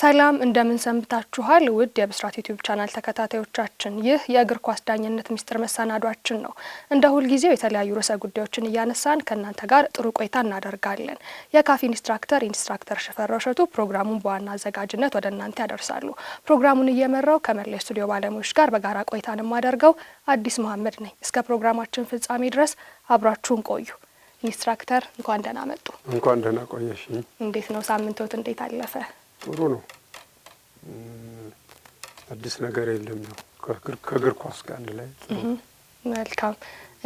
ሰላም እንደምን ሰንብታችኋል? ውድ የብስራት ዩቲዩብ ቻናል ተከታታዮቻችን፣ ይህ የእግር ኳስ ዳኝነት ሚስጥር መሰናዷችን ነው። እንደ ሁልጊዜው የተለያዩ ርዕሰ ጉዳዮችን እያነሳን ከእናንተ ጋር ጥሩ ቆይታ እናደርጋለን። የካፊ ኢንስትራክተር ኢንስትራክተር ሽፈራው እሸቱ ፕሮግራሙን በዋና አዘጋጅነት ወደ እናንተ ያደርሳሉ። ፕሮግራሙን እየመራው ከመላ ስቱዲዮ ባለሙያዎች ጋር በጋራ ቆይታን የማደርገው አዲስ መሀመድ ነኝ። እስከ ፕሮግራማችን ፍጻሜ ድረስ አብራችሁን ቆዩ። ኢንስትራክተር እንኳን ደህና መጡ። እንኳን ደህና ቆየሽ። እንዴት ነው ሳምንቶት? እንዴት አለፈ? ጥሩ ነው። አዲስ ነገር የለም። ያው ከእግር ኳስ ጋር አንድ ላይ መልካም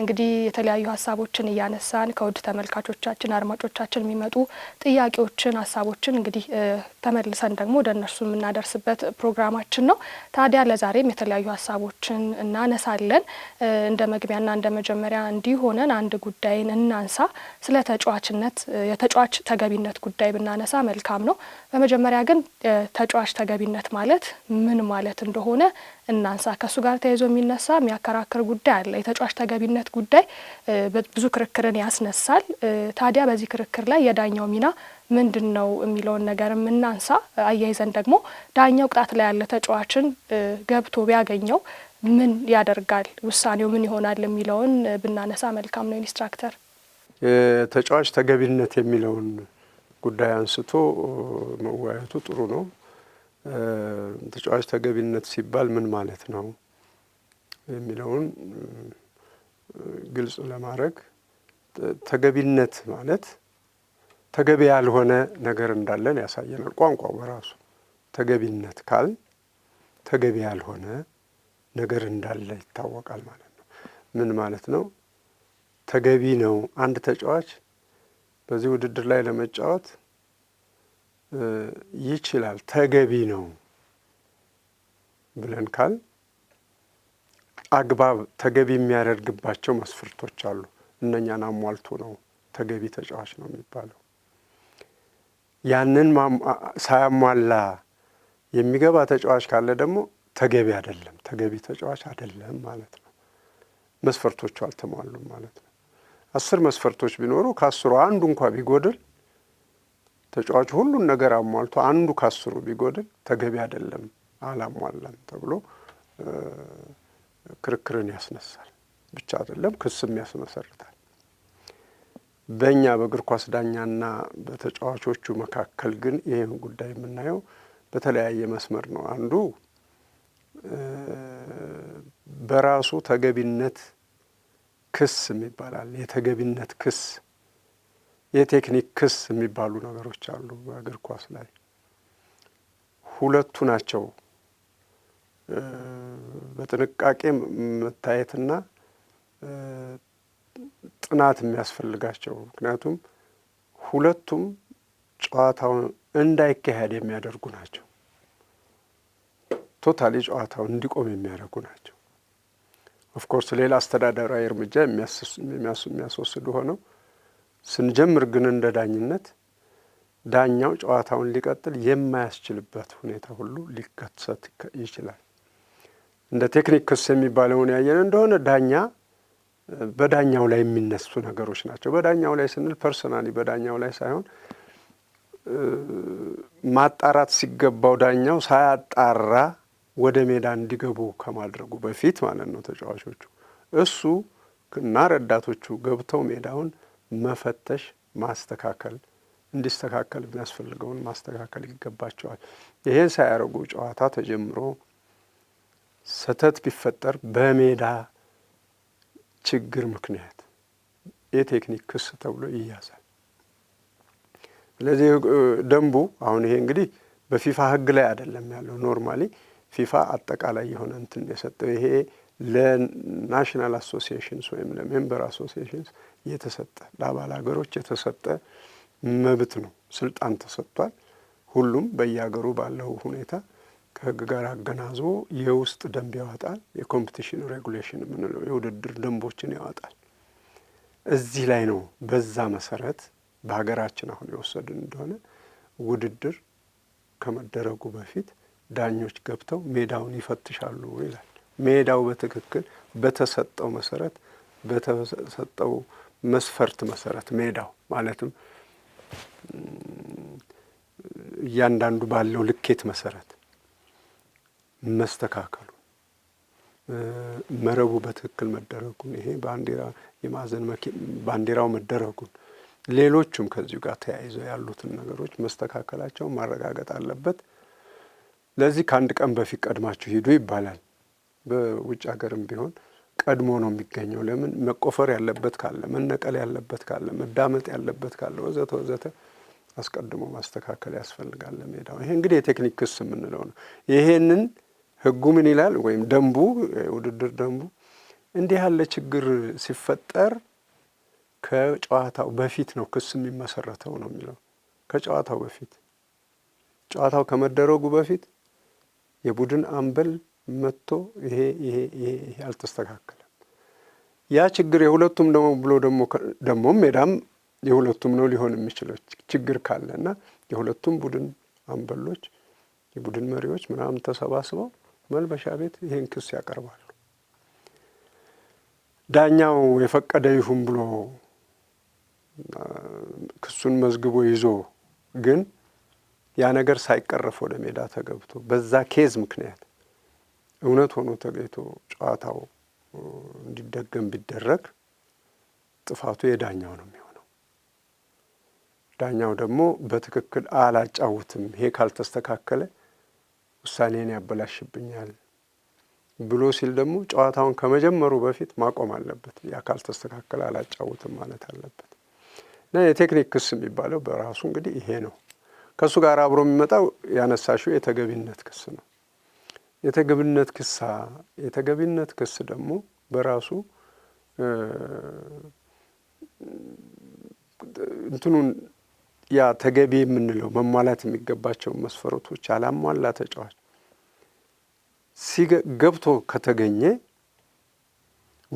እንግዲህ የተለያዩ ሀሳቦችን እያነሳን ከውድ ተመልካቾቻችን አድማጮቻችን የሚመጡ ጥያቄዎችን፣ ሀሳቦችን እንግዲህ ተመልሰን ደግሞ ወደ እነርሱ የምናደርስበት ፕሮግራማችን ነው። ታዲያ ለዛሬም የተለያዩ ሀሳቦችን እናነሳለን። እንደ መግቢያና እንደ መጀመሪያ እንዲሆነን አንድ ጉዳይን እናንሳ። ስለ ተጫዋችነት የተጫዋች ተገቢነት ጉዳይ ብናነሳ መልካም ነው። በመጀመሪያ ግን ተጫዋች ተገቢነት ማለት ምን ማለት እንደሆነ እናንሳ። ከእሱ ጋር ተያይዞ የሚነሳ የሚያከራክር ጉዳይ አለ። የተጫዋች ተገቢነት ጉዳይ ብዙ ክርክርን ያስነሳል። ታዲያ በዚህ ክርክር ላይ የዳኛው ሚና ምንድን ነው የሚለውን ነገር የምናንሳ። አያይዘን ደግሞ ዳኛው ቅጣት ላይ ያለ ተጫዋችን ገብቶ ቢያገኘው ምን ያደርጋል፣ ውሳኔው ምን ይሆናል የሚለውን ብናነሳ መልካም ነው። ኢንስትራክተር የተጫዋች ተገቢነት የሚለውን ጉዳይ አንስቶ መወያየቱ ጥሩ ነው። ተጫዋች ተገቢነት ሲባል ምን ማለት ነው የሚለውን ግልጽ ለማድረግ ተገቢነት ማለት ተገቢ ያልሆነ ነገር እንዳለን ያሳየናል። ቋንቋው በራሱ ተገቢነት ካል ተገቢ ያልሆነ ነገር እንዳለ ይታወቃል ማለት ነው። ምን ማለት ነው? ተገቢ ነው አንድ ተጫዋች በዚህ ውድድር ላይ ለመጫወት ይችላል ተገቢ ነው ብለን ካል አግባብ ተገቢ የሚያደርግባቸው መስፈርቶች አሉ። እነኛን አሟልቶ ነው ተገቢ ተጫዋች ነው የሚባለው። ያንን ሳያሟላ የሚገባ ተጫዋች ካለ ደግሞ ተገቢ አይደለም፣ ተገቢ ተጫዋች አይደለም ማለት ነው። መስፈርቶቹ አልተሟሉም ማለት ነው። አስር መስፈርቶች ቢኖሩ ከአስሩ አንዱ እንኳ ቢጎድል ተጫዋች ሁሉን ነገር አሟልቶ አንዱ ካስሩ ቢጎድል ተገቢ አይደለም አላሟላም ተብሎ ክርክርን ያስነሳል ብቻ አይደለም ክስም ያስመሰርታል። በእኛ በእግር ኳስ ዳኛና በተጫዋቾቹ መካከል ግን ይህን ጉዳይ የምናየው በተለያየ መስመር ነው። አንዱ በራሱ ተገቢነት ክስ የሚባላል የተገቢነት ክስ የቴክኒክ ክስ የሚባሉ ነገሮች አሉ በእግር ኳስ ላይ። ሁለቱ ናቸው በጥንቃቄ መታየትና ጥናት የሚያስፈልጋቸው። ምክንያቱም ሁለቱም ጨዋታውን እንዳይካሄድ የሚያደርጉ ናቸው። ቶታሊ ጨዋታው እንዲቆም የሚያደርጉ ናቸው። ኦፍኮርስ ሌላ አስተዳደራዊ እርምጃ የሚያስወስዱ ሆነው ስንጀምር ግን እንደ ዳኝነት ዳኛው ጨዋታውን ሊቀጥል የማያስችልበት ሁኔታ ሁሉ ሊከሰት ይችላል። እንደ ቴክኒክ ክስ የሚባለውን ያየን እንደሆነ ዳኛ በዳኛው ላይ የሚነሱ ነገሮች ናቸው። በዳኛው ላይ ስንል ፐርሰናሊ በዳኛው ላይ ሳይሆን ማጣራት ሲገባው ዳኛው ሳያጣራ ወደ ሜዳ እንዲገቡ ከማድረጉ በፊት ማለት ነው ተጫዋቾቹ እሱ እና ረዳቶቹ ገብተው ሜዳውን መፈተሽ፣ ማስተካከል እንዲስተካከል የሚያስፈልገውን ማስተካከል ይገባቸዋል። ይሄን ሳያደርጉ ጨዋታ ተጀምሮ ስህተት ቢፈጠር በሜዳ ችግር ምክንያት የቴክኒክ ክስ ተብሎ ይያዛል። ስለዚህ ደንቡ አሁን ይሄ እንግዲህ በፊፋ ሕግ ላይ አይደለም ያለው። ኖርማሊ ፊፋ አጠቃላይ የሆነ እንትን የሰጠው ይሄ ለናሽናል አሶሲሽንስ ወይም ለሜምበር አሶሲሽንስ። የተሰጠ ለአባል ሀገሮች የተሰጠ መብት ነው፣ ስልጣን ተሰጥቷል። ሁሉም በየሀገሩ ባለው ሁኔታ ከህግ ጋር አገናዝቦ የውስጥ ደንብ ያወጣል። የኮምፒቲሽን ሬጉሌሽን የምንለው የውድድር ደንቦችን ያወጣል። እዚህ ላይ ነው። በዛ መሰረት በሀገራችን አሁን የወሰድን እንደሆነ ውድድር ከመደረጉ በፊት ዳኞች ገብተው ሜዳውን ይፈትሻሉ ይላል። ሜዳው በትክክል በተሰጠው መሰረት በተሰጠው መስፈርት መሰረት ሜዳው ማለትም እያንዳንዱ ባለው ልኬት መሰረት መስተካከሉ መረቡ በትክክል መደረጉን ይሄ ባንዲራ የማዕዘን ባንዲራው መደረጉን ሌሎቹም ከዚሁ ጋር ተያይዘው ያሉትን ነገሮች መስተካከላቸውን ማረጋገጥ አለበት። ለዚህ ከአንድ ቀን በፊት ቀድማችሁ ሂዱ ይባላል። በውጭ ሀገርም ቢሆን ቀድሞ ነው የሚገኘው። ለምን መቆፈር ያለበት ካለ፣ መነቀል ያለበት ካለ፣ መዳመጥ ያለበት ካለ ወዘተ ወዘተ አስቀድሞ ማስተካከል ያስፈልጋል ለሜዳው። ይሄ እንግዲህ የቴክኒክ ክስ የምንለው ነው። ይሄንን ህጉ ምን ይላል ወይም ደንቡ ውድድር ደንቡ እንዲህ ያለ ችግር ሲፈጠር ከጨዋታው በፊት ነው ክስ የሚመሰረተው ነው የሚለው። ከጨዋታው በፊት ጨዋታው ከመደረጉ በፊት የቡድን አምበል መጥቶ ይሄ ይሄ ይሄ ይሄ አልተስተካከለም። ያ ችግር የሁለቱም ደሞ ብሎ ደግሞ ደግሞ ሜዳም የሁለቱም ነው ሊሆን የሚችለው ችግር ካለ እና የሁለቱም ቡድን አንበሎች የቡድን መሪዎች ምናምን ተሰባስበው መልበሻ ቤት ይሄን ክስ ያቀርባሉ። ዳኛው የፈቀደ ይሁን ብሎ ክሱን መዝግቦ ይዞ ግን ያ ነገር ሳይቀረፍ ወደ ሜዳ ተገብቶ በዛ ኬዝ ምክንያት እውነት ሆኖ ተገኝቶ ጨዋታው እንዲደገም ቢደረግ ጥፋቱ የዳኛው ነው የሚሆነው። ዳኛው ደግሞ በትክክል አላጫውትም፣ ይሄ ካልተስተካከለ ውሳኔን ያበላሽብኛል ብሎ ሲል ደግሞ ጨዋታውን ከመጀመሩ በፊት ማቆም አለበት። ያ ካልተስተካከለ አላጫውትም ማለት አለበት እና የቴክኒክ ክስ የሚባለው በራሱ እንግዲህ ይሄ ነው። ከእሱ ጋር አብሮ የሚመጣው ያነሳሽው የተገቢነት ክስ ነው። የተገቢነት ክሳ የተገቢነት ክስ ደግሞ በራሱ እንትኑን ያ ተገቢ የምንለው መሟላት የሚገባቸውን መስፈረቶች አላሟላ ተጫዋች ገብቶ ከተገኘ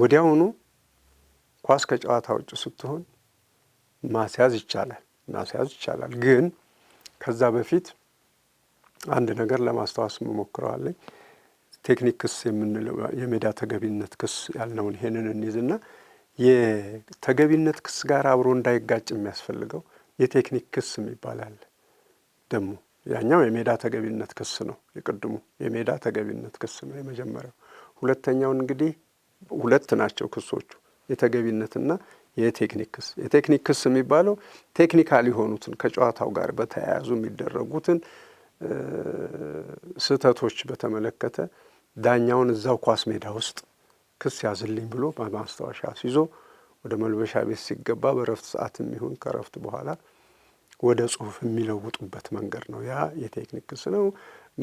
ወዲያውኑ ኳስ ከጨዋታ ውጭ ስትሆን ማስያዝ ይቻላል ማስያዝ ይቻላል። ግን ከዛ በፊት አንድ ነገር ለማስታወስ ሞክረዋለኝ። ቴክኒክ ክስ የምንለው የሜዳ ተገቢነት ክስ ያልነውን ይሄንን እንይዝና የተገቢነት ክስ ጋር አብሮ እንዳይጋጭ የሚያስፈልገው የቴክኒክ ክስ ይባላል። አለ። ደግሞ ያኛው የሜዳ ተገቢነት ክስ ነው። የቅድሙ የሜዳ ተገቢነት ክስ ነው የመጀመሪያው። ሁለተኛውን እንግዲህ ሁለት ናቸው ክሶቹ፣ የተገቢነትና የቴክኒክ ክስ። የቴክኒክ ክስ የሚባለው ቴክኒካል የሆኑትን ከጨዋታው ጋር በተያያዙ የሚደረጉትን ስህተቶች በተመለከተ ዳኛውን እዛው ኳስ ሜዳ ውስጥ ክስ ያዝልኝ ብሎ በማስታወሻ አስይዞ ወደ መልበሻ ቤት ሲገባ በረፍት ሰዓትም የሚሆን ከረፍት በኋላ ወደ ጽሁፍ የሚለውጡበት መንገድ ነው። ያ የቴክኒክ ክስ ነው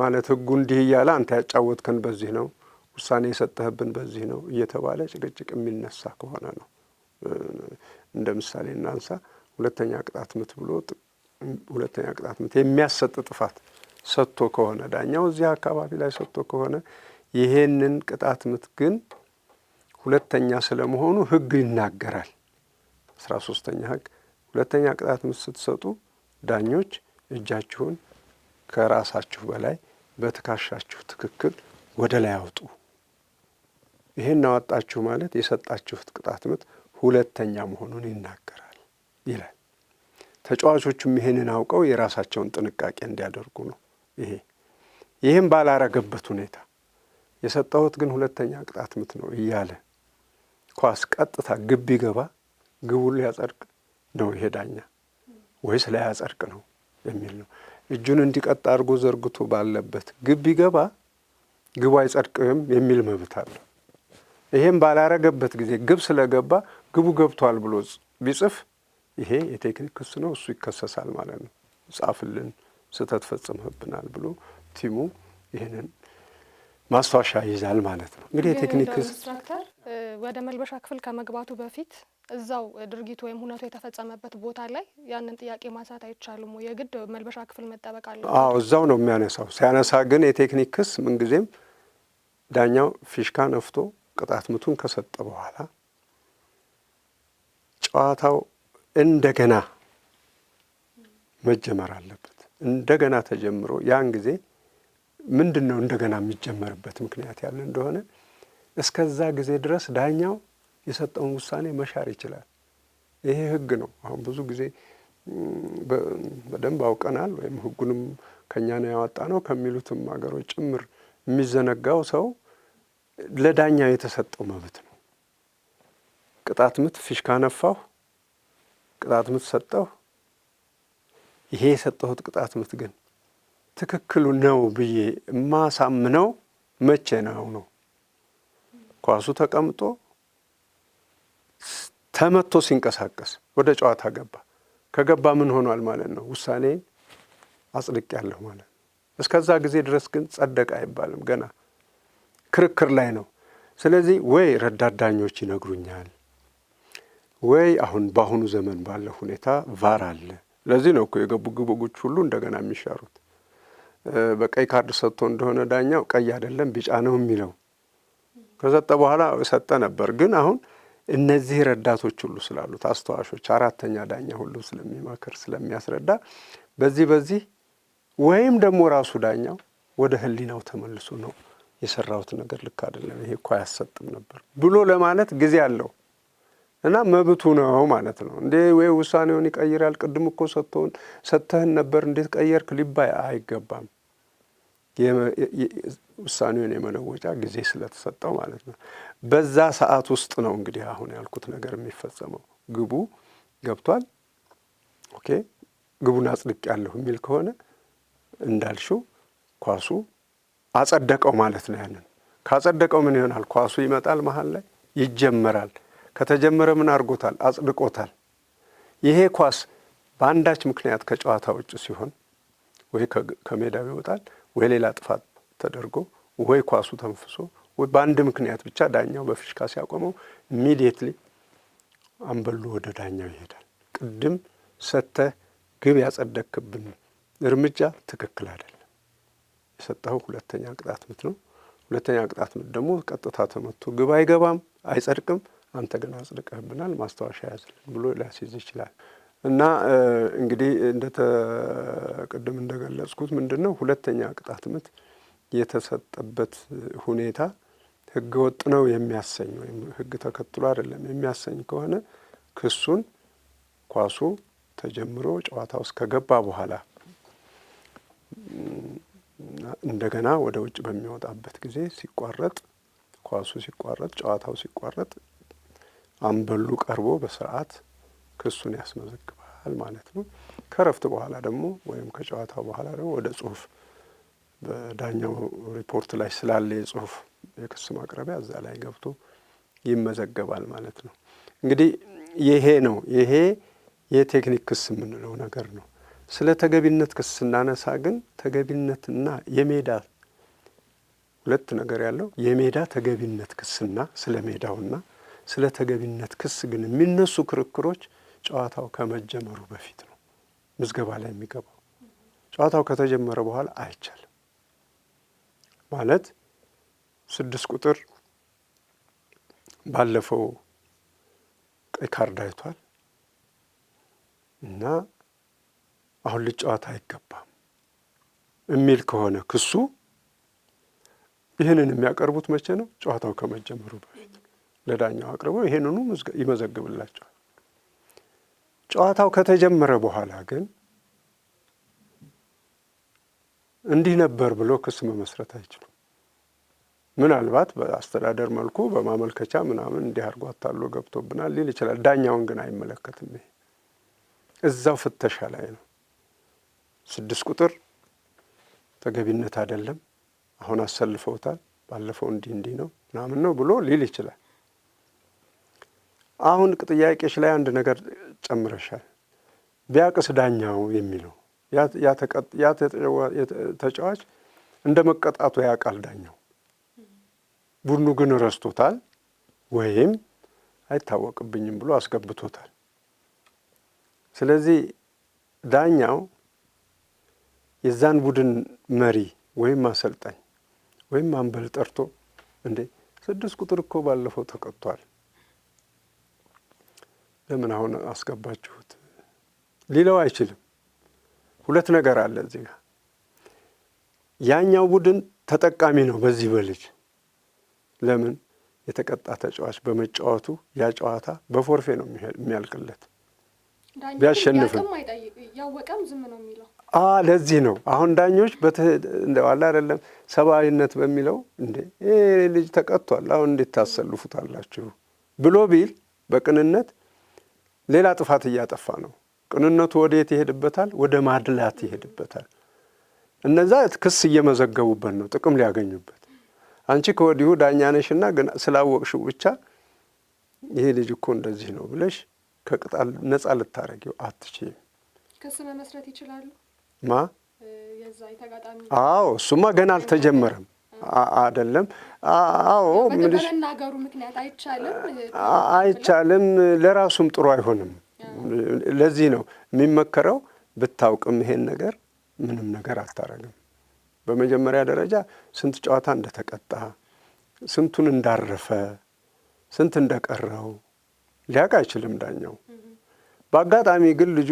ማለት ህጉ እንዲህ እያለ አንተ ያጫወትከን በዚህ ነው፣ ውሳኔ የሰጠህብን በዚህ ነው እየተባለ ጭቅጭቅ የሚነሳ ከሆነ ነው። እንደ ምሳሌ እናንሳ። ሁለተኛ ቅጣት ምት ብሎ ሁለተኛ ቅጣት ምት የሚያሰጥ ጥፋት ሰጥቶ ከሆነ ዳኛው እዚህ አካባቢ ላይ ሰጥቶ ከሆነ ይሄንን ቅጣት ምት ግን ሁለተኛ ስለመሆኑ ህግ ይናገራል። አስራ ሶስተኛ ህግ ሁለተኛ ቅጣት ምት ስትሰጡ ዳኞች እጃችሁን ከራሳችሁ በላይ በትካሻችሁ ትክክል ወደ ላይ አውጡ። ይሄን አወጣችሁ ማለት የሰጣችሁት ቅጣት ምት ሁለተኛ መሆኑን ይናገራል ይላል። ተጫዋቾቹም ይሄንን አውቀው የራሳቸውን ጥንቃቄ እንዲያደርጉ ነው። ይሄ ይህም ባላረገበት ሁኔታ የሰጠሁት ግን ሁለተኛ ቅጣት ምት ነው እያለ ኳስ ቀጥታ ግብ ይገባ ግቡን ሊያጸድቅ ነው ይሄ ዳኛ ወይስ ላያጸድቅ ነው የሚል ነው። እጁን እንዲቀጥ አድርጎ ዘርግቶ ባለበት ግብ ይገባ ግቡ አይጸድቅም የሚል መብት አለው። ይሄም ባላረገበት ጊዜ ግብ ስለገባ ግቡ ገብቷል ብሎ ቢጽፍ ይሄ የቴክኒክ ክስ ነው፣ እሱ ይከሰሳል ማለት ነው። ጻፍልን ስህተት ፈጽመብናል ብሎ ቲሙ ይህንን ማስታወሻ ይዛል ማለት ነው። እንግዲህ የቴክኒክ ኢንስትራክተር ወደ መልበሻ ክፍል ከመግባቱ በፊት እዛው ድርጊቱ ወይም ሁነቱ የተፈጸመበት ቦታ ላይ ያንን ጥያቄ ማንሳት አይቻልም? የግድ መልበሻ ክፍል መጠበቅ አለ? አዎ እዛው ነው የሚያነሳው። ሲያነሳ ግን የቴክኒክ ክስ ምንጊዜም ዳኛው ፊሽካ ነፍቶ ቅጣት ምቱን ከሰጠ በኋላ ጨዋታው እንደገና መጀመር አለበት። እንደገና ተጀምሮ ያን ጊዜ ምንድን ነው እንደገና የሚጀመርበት ምክንያት ያለ እንደሆነ እስከዛ ጊዜ ድረስ ዳኛው የሰጠውን ውሳኔ መሻር ይችላል። ይሄ ህግ ነው። አሁን ብዙ ጊዜ በደንብ አውቀናል፣ ወይም ህጉንም ከእኛ ነው ያወጣ ነው ከሚሉትም ሀገሮች ጭምር የሚዘነጋው ሰው ለዳኛው የተሰጠው መብት ነው። ቅጣት ምት ፊሽካ ነፋሁ፣ ቅጣት ምት ሰጠሁ ይሄ የሰጠሁት ቅጣት ምት ግን ትክክሉ ነው ብዬ የማሳምነው መቼ ነው ነው ኳሱ ተቀምጦ ተመቶ ሲንቀሳቀስ ወደ ጨዋታ ገባ። ከገባ ምን ሆኗል ማለት ነው? ውሳኔን አጽድቅ ያለሁ ማለት ነው። እስከዛ ጊዜ ድረስ ግን ጸደቅ አይባልም። ገና ክርክር ላይ ነው። ስለዚህ ወይ ረዳት ዳኞች ይነግሩኛል ወይ አሁን በአሁኑ ዘመን ባለው ሁኔታ ቫር አለ ለዚህ ነው እኮ የገቡ ግቦች ሁሉ እንደገና የሚሻሩት። በቀይ ካርድ ሰጥቶ እንደሆነ ዳኛው ቀይ አይደለም ቢጫ ነው የሚለው ከሰጠ በኋላ ሰጠ ነበር። ግን አሁን እነዚህ ረዳቶች ሁሉ ስላሉት አስተዋሾች፣ አራተኛ ዳኛ ሁሉ ስለሚመክር ስለሚያስረዳ፣ በዚህ በዚህ ወይም ደግሞ ራሱ ዳኛው ወደ ህሊናው ተመልሶ ነው የሰራሁት ነገር ልክ አይደለም ይሄ እኮ አያሰጥም ነበር ብሎ ለማለት ጊዜ አለው። እና መብቱ ነው ማለት ነው። እንዴ ወይ ውሳኔውን ይቀይራል። ቅድም እኮ ሰጥቶን ሰጥተህን ነበር እንዴት ቀየርክ ሊባይ አይገባም። ውሳኔውን የመለወጫ ጊዜ ስለተሰጠው ማለት ነው። በዛ ሰዓት ውስጥ ነው እንግዲህ አሁን ያልኩት ነገር የሚፈጸመው። ግቡ ገብቷል፣ ኦኬ ግቡን አጽድቅ ያለሁ የሚል ከሆነ እንዳልሽው ኳሱ አጸደቀው ማለት ነው። ያንን ካጸደቀው ምን ይሆናል? ኳሱ ይመጣል መሀል ላይ ይጀመራል። ከተጀመረ ምን አድርጎታል? አጽድቆታል። ይሄ ኳስ በአንዳች ምክንያት ከጨዋታ ውጭ ሲሆን ወይ ከሜዳው ይወጣል ወይ ሌላ ጥፋት ተደርጎ ወይ ኳሱ ተንፍሶ ወይ በአንድ ምክንያት ብቻ ዳኛው በፊሽካ ሲያቆመው ኢሚዲየትሊ አንበሉ ወደ ዳኛው ይሄዳል። ቅድም ሰጥተህ ግብ ያጸደክብን እርምጃ ትክክል አይደለም። የሰጠኸው ሁለተኛ ቅጣት ምት ነው። ሁለተኛ ቅጣት ምት ደግሞ ቀጥታ ተመቶ ግብ አይገባም፣ አይጸድቅም። አንተ ግን አጽድቀህብናል ማስታወሻ ያዝልን ብሎ ሊያስይዝ ይችላል። እና እንግዲህ እንደተቀድም እንደገለጽኩት ምንድን ነው ሁለተኛ ቅጣት ምት የተሰጠበት ሁኔታ ሕገ ወጥ ነው የሚያሰኝ ወይም ህግ ተከትሎ አይደለም የሚያሰኝ ከሆነ ክሱን ኳሱ ተጀምሮ ጨዋታ ውስጥ ከገባ በኋላ እንደገና ወደ ውጭ በሚወጣበት ጊዜ ሲቋረጥ ኳሱ ሲቋረጥ ጨዋታው ሲቋረጥ አምበሉ ቀርቦ በስርዓት ክሱን ያስመዘግባል ማለት ነው። ከረፍት በኋላ ደግሞ ወይም ከጨዋታው በኋላ ደግሞ ወደ ጽሁፍ በዳኛው ሪፖርት ላይ ስላለ የጽሁፍ የክስ ማቅረቢያ እዛ ላይ ገብቶ ይመዘገባል ማለት ነው። እንግዲህ ይሄ ነው ይሄ የቴክኒክ ክስ የምንለው ነገር ነው። ስለ ተገቢነት ክስ ስናነሳ ግን ተገቢነትና የሜዳ ሁለት ነገር ያለው የሜዳ ተገቢነት ክስና ስለ ሜዳውና ስለ ተገቢነት ክስ ግን የሚነሱ ክርክሮች ጨዋታው ከመጀመሩ በፊት ነው ምዝገባ ላይ የሚገባው። ጨዋታው ከተጀመረ በኋላ አይቻልም። ማለት ስድስት ቁጥር ባለፈው ቀይ ካርድ አይቷል እና አሁን ልጨዋታ አይገባም የሚል ከሆነ ክሱ ይህንን የሚያቀርቡት መቼ ነው? ጨዋታው ከመጀመሩ በፊት ለዳኛው አቅርቦ ይሄንኑ ይመዘግብላቸዋል። ጨዋታው ከተጀመረ በኋላ ግን እንዲህ ነበር ብሎ ክስ መመስረት አይችሉም። ምናልባት በአስተዳደር መልኩ በማመልከቻ ምናምን እንዲህ አድርጎ አታሎ ገብቶብናል ሊል ይችላል። ዳኛውን ግን አይመለከትም። ይሄ እዛው ፍተሻ ላይ ነው። ስድስት ቁጥር ተገቢነት አይደለም፣ አሁን አሰልፈውታል፣ ባለፈው እንዲህ እንዲህ ነው ምናምን ነው ብሎ ሊል ይችላል። አሁን ጥያቄሽ ላይ አንድ ነገር ጨምረሻል። ቢያቅስ ዳኛው የሚለው ያ ተጫዋች እንደ መቀጣቱ ያውቃል ዳኛው። ቡድኑ ግን ረስቶታል ወይም አይታወቅብኝም ብሎ አስገብቶታል። ስለዚህ ዳኛው የዛን ቡድን መሪ ወይም አሰልጣኝ ወይም አንበል ጠርቶ እንዴ ስድስት ቁጥር እኮ ባለፈው ተቀጥቷል ለምን አሁን አስገባችሁት ሊለው አይችልም። ሁለት ነገር አለ እዚህ ያኛው ቡድን ተጠቃሚ ነው በዚህ በልጅ ለምን የተቀጣ ተጫዋች በመጫወቱ ያ ጨዋታ በፎርፌ ነው የሚያልቅለት። ቢያሸንፍም ያወቀም ዝም ነው የሚለው። ለዚህ ነው አሁን ዳኞች እንደዋላ አይደለም ሰብአዊነት በሚለው እንዴ ይሄ ልጅ ተቀጥቷል፣ አሁን እንዴት ታሰልፉታላችሁ ብሎ ቢል በቅንነት ሌላ ጥፋት እያጠፋ ነው። ቅንነቱ ወዴት ይሄድበታል? ወደ ማድላት ይሄድበታል። እነዛ ክስ እየመዘገቡበት ነው ጥቅም ሊያገኙበት። አንቺ ከወዲሁ ዳኛ ነሽና ግን ስላወቅሽው ብቻ ይሄ ልጅ እኮ እንደዚህ ነው ብለሽ ከቅጣል ነፃ ልታረጊው አትችይም። ክስ መመስረት ይችላሉ ማ አዎ እሱማ ገና አልተጀመረም አይደለም አዎ መናገሩ ምክንያት አይቻልም አይቻልም፣ ለራሱም ጥሩ አይሆንም። ለዚህ ነው የሚመከረው ብታውቅም ይሄን ነገር ምንም ነገር አታረግም። በመጀመሪያ ደረጃ ስንት ጨዋታ እንደተቀጣ፣ ስንቱን እንዳረፈ፣ ስንት እንደቀረው ሊያውቅ አይችልም ዳኛው። በአጋጣሚ ግን ልጁ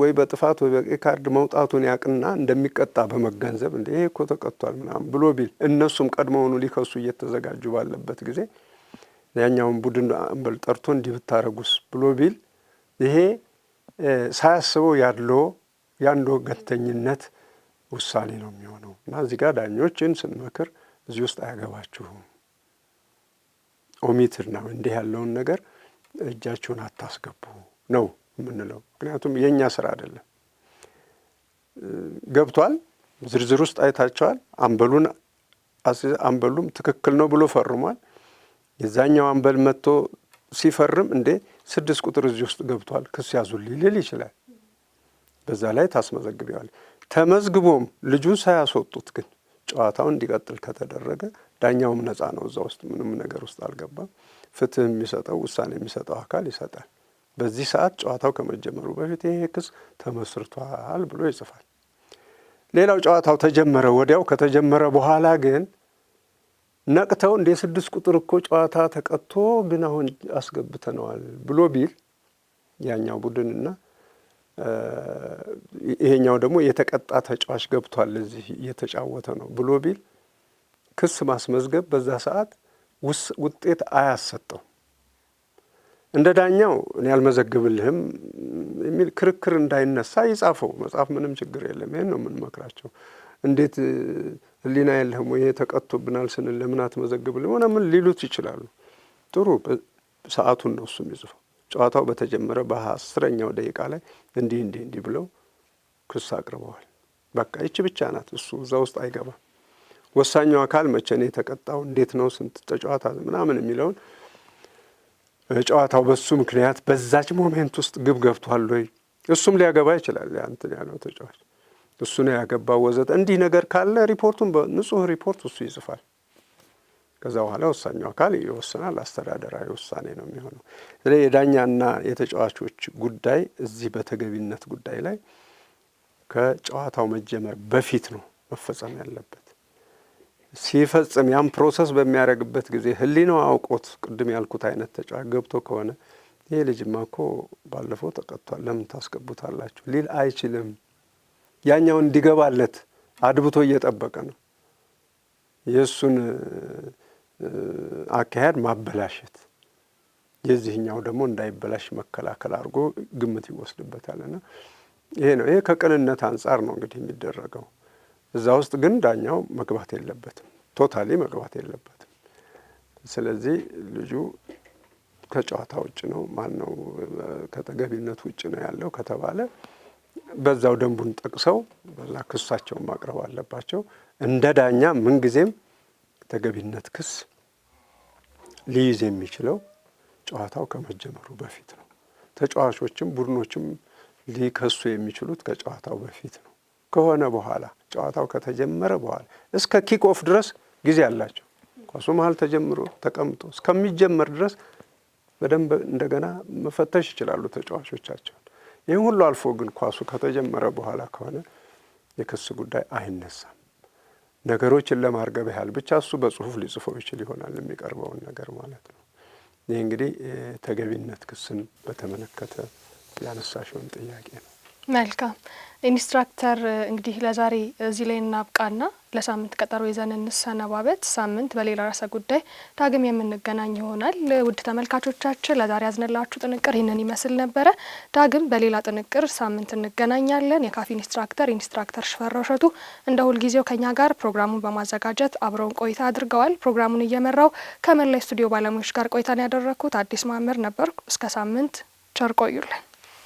ወይ በጥፋት ወይ በቀይ ካርድ መውጣቱን ያቅና እንደሚቀጣ በመገንዘብ እንደ ይሄ እኮ ተቀጥቷል ምናምን ብሎ ቢል እነሱም ቀድሞውኑ ሊከሱ እየተዘጋጁ ባለበት ጊዜ ያኛውን ቡድን አንበል ጠርቶ እንዲህ ብታረጉስ ብሎ ቢል ይሄ ሳያስበው ያለው የአንድ ወገንተኝነት ውሳኔ ነው የሚሆነው እና እዚህ ጋር ዳኞችን ስንመክር እዚህ ውስጥ አያገባችሁም፣ ኦሚትር ነው እንዲህ ያለውን ነገር እጃችሁን አታስገቡ ነው። የምንለው። ምክንያቱም የእኛ ስራ አይደለም። ገብቷል፣ ዝርዝር ውስጥ አይታቸዋል። አንበሉን አንበሉም ትክክል ነው ብሎ ፈርሟል። የዛኛው አንበል መጥቶ ሲፈርም እንዴ ስድስት ቁጥር እዚህ ውስጥ ገብቷል ክስ ያዙልኝ ሊል ይችላል። በዛ ላይ ታስመዘግቢዋል። ተመዝግቦም ልጁን ሳያስወጡት ግን ጨዋታው እንዲቀጥል ከተደረገ ዳኛውም ነፃ ነው። እዛ ውስጥ ምንም ነገር ውስጥ አልገባም። ፍትህ የሚሰጠው ውሳኔ የሚሰጠው አካል ይሰጣል። በዚህ ሰዓት ጨዋታው ከመጀመሩ በፊት ይሄ ክስ ተመስርቷል ብሎ ይጽፋል። ሌላው ጨዋታው ተጀመረ። ወዲያው ከተጀመረ በኋላ ግን ነቅተው እንደ ስድስት ቁጥር እኮ ጨዋታ ተቀጥቶ ግን አሁን አስገብተነዋል ብሎ ቢል ያኛው ቡድንና ይሄኛው ደግሞ የተቀጣ ተጫዋች ገብቷል እዚህ እየተጫወተ ነው ብሎ ቢል ክስ ማስመዝገብ በዛ ሰዓት ውጤት አያሰጠው። እንደ ዳኛው እኔ አልመዘግብልህም የሚል ክርክር እንዳይነሳ ይጻፈው መጽሐፍ ምንም ችግር የለም። ይህን ነው የምንመክራቸው። እንዴት ህሊና የለህም ወይ ይሄ ተቀጥቶብናል ስንል ለምን አትመዘግብልም ምናምን ሊሉት ይችላሉ። ጥሩ ሰዓቱን ነው እሱም ይጽፈው። ጨዋታው በተጀመረ በአስረኛው ደቂቃ ላይ እንዲህ እንዲህ እንዲህ ብለው ክስ አቅርበዋል። በቃ ይቺ ብቻ ናት። እሱ እዛ ውስጥ አይገባም። ወሳኛው አካል መቼ ነው የተቀጣው፣ እንዴት ነው፣ ስንት ተጫዋታ ምናምን የሚለውን ጨዋታው በሱ ምክንያት በዛች ሞሜንት ውስጥ ግብ ገብቷል ወይ እሱም ሊያገባ ይችላል። እንትን ያለው ተጫዋች እሱ ነው ያገባው ወዘተ እንዲህ ነገር ካለ ሪፖርቱን በንጹህ ሪፖርት እሱ ይጽፋል። ከዛ በኋላ ወሳኛው አካል ይወስናል። አስተዳደራዊ ውሳኔ ነው የሚሆነው። ስለዚህ የዳኛና የተጫዋቾች ጉዳይ እዚህ በተገቢነት ጉዳይ ላይ ከጨዋታው መጀመር በፊት ነው መፈጸም ያለበት። ሲፈጽም ያም ፕሮሰስ በሚያደርግበት ጊዜ ህሊናው አውቆት ቅድም ያልኩት አይነት ተጫ ገብቶ ከሆነ ይሄ ልጅማ እኮ ባለፈው ተቀጥቷል፣ ለምን ታስገቡታላችሁ ሊል አይችልም። ያኛው እንዲገባለት አድብቶ እየጠበቀ ነው። የእሱን አካሄድ ማበላሸት የዚህኛው ደግሞ እንዳይበላሽ መከላከል አድርጎ ግምት ይወስድበታልና ይሄ ነው። ይሄ ከቅንነት አንጻር ነው እንግዲህ የሚደረገው። እዛ ውስጥ ግን ዳኛው መግባት የለበትም፣ ቶታሊ መግባት የለበትም። ስለዚህ ልጁ ከጨዋታ ውጭ ነው ማን ነው ከተገቢነት ውጭ ነው ያለው ከተባለ በዛው ደንቡን ጠቅሰው በዛ ክሳቸውን ማቅረብ አለባቸው። እንደ ዳኛ ምንጊዜም ተገቢነት ክስ ሊይዝ የሚችለው ጨዋታው ከመጀመሩ በፊት ነው። ተጫዋቾችም ቡድኖችም ሊከሱ የሚችሉት ከጨዋታው በፊት ነው ከሆነ በኋላ ጨዋታው ከተጀመረ በኋላ እስከ ኪክ ኦፍ ድረስ ጊዜ አላቸው። ኳሱ መሀል ተጀምሮ ተቀምጦ እስከሚጀመር ድረስ በደንብ እንደገና መፈተሽ ይችላሉ ተጫዋቾቻቸውን። ይህም ሁሉ አልፎ ግን ኳሱ ከተጀመረ በኋላ ከሆነ የክስ ጉዳይ አይነሳም። ነገሮችን ለማርገብ ያህል ብቻ እሱ በጽሁፍ ሊጽፎ ይችል ይሆናል የሚቀርበውን ነገር ማለት ነው። ይህ እንግዲህ ተገቢነት ክስን በተመለከተ ያነሳሽውን ጥያቄ ነው። መልካም ኢንስትራክተር እንግዲህ ለዛሬ እዚህ ላይ እናብቃና ለሳምንት ቀጠሮ ይዘን እንሰነባበት። ሳምንት በሌላ ርዕሰ ጉዳይ ዳግም የምንገናኝ ይሆናል። ውድ ተመልካቾቻችን ለዛሬ ያዝነላችሁ ጥንቅር ይህንን ይመስል ነበረ። ዳግም በሌላ ጥንቅር ሳምንት እንገናኛለን። የካፊ ኢንስትራክተር ኢንስትራክተር ሽፈራው እሸቱ እንደ ሁልጊዜው ከኛ ጋር ፕሮግራሙን በማዘጋጀት አብረውን ቆይታ አድርገዋል። ፕሮግራሙን እየመራው ከመላይ ስቱዲዮ ባለሙያዎች ጋር ቆይታን ያደረግኩት አዲስ ማምር ነበርኩ። እስከ ሳምንት ቸር ቆዩልን።